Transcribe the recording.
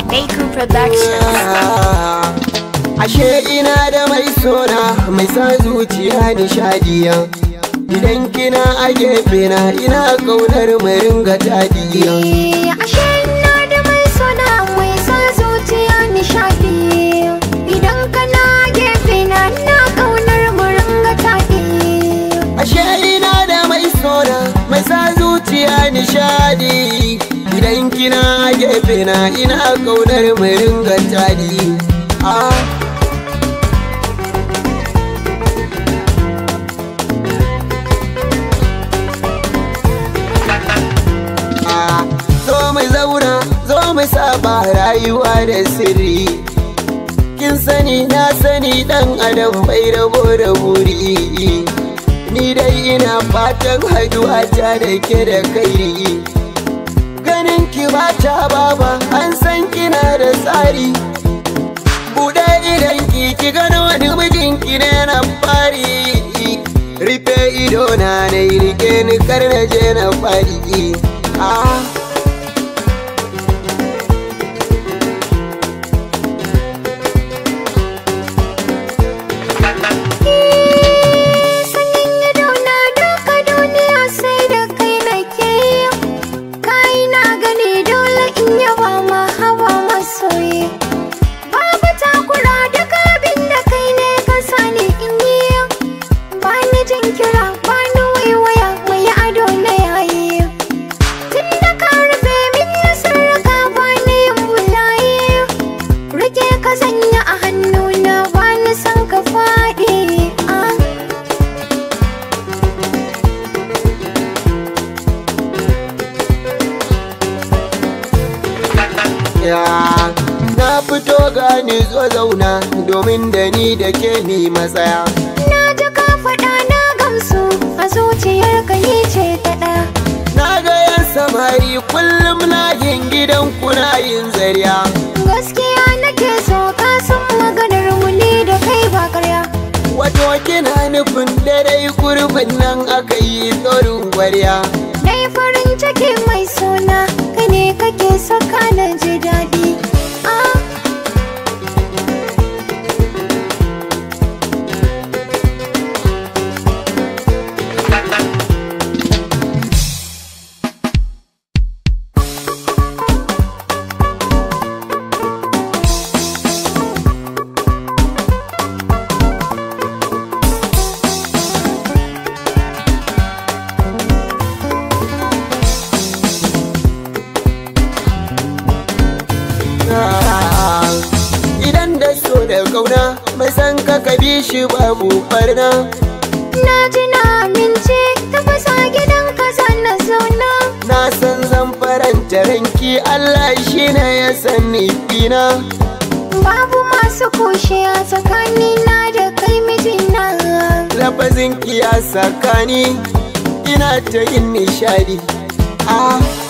Bacon Production. Ashe ina da mai sona mai sa zuciya nishadiya. Idan kina a gefe na ina kaunar mai ringa tadiya. Eh, ashe ina da mai sona mai sa zuciya nishadiya. Idan kana a gefe na ina kaunar mai ringa tadiya. Ashe ina da mai sona mai sa zuciya nishadiya. ina a gefe na ina kaunar mai ringa tadi zo mu saba rayuwa da sirri kin sani na sani dan adam bai rabo da wuri ni dai ina fatan haduwa ta da ke da kai. ki bata baba an san kina da tsari buɗe idan ki ki gano wani mijinki ne na fari rufe ido na na rike ni kar na je na fari ah sanya a hannuna ba na san ka faɗi ah. Na fito gani zo zauna domin da ni da ke mi matsaya. Na ji ka faɗa na gamsu a zuciyar ka ni ce ta Na ga yan samari kullum na yin gidan kuna yin zariya. kina nufin dare gurbin nan aka yi tsorin kwarya Dai farin ciki mai suna, kane kake saka na daɗi kauna mai san ka ka bi shi babu barna na ji na ta fasa gidan ka na zauna na san zan faranta ranki Allah shi na ya san fina babu masu kushiya tsakanina da kai mijina lafazin kiya tsakani ina ta yin nishadi ah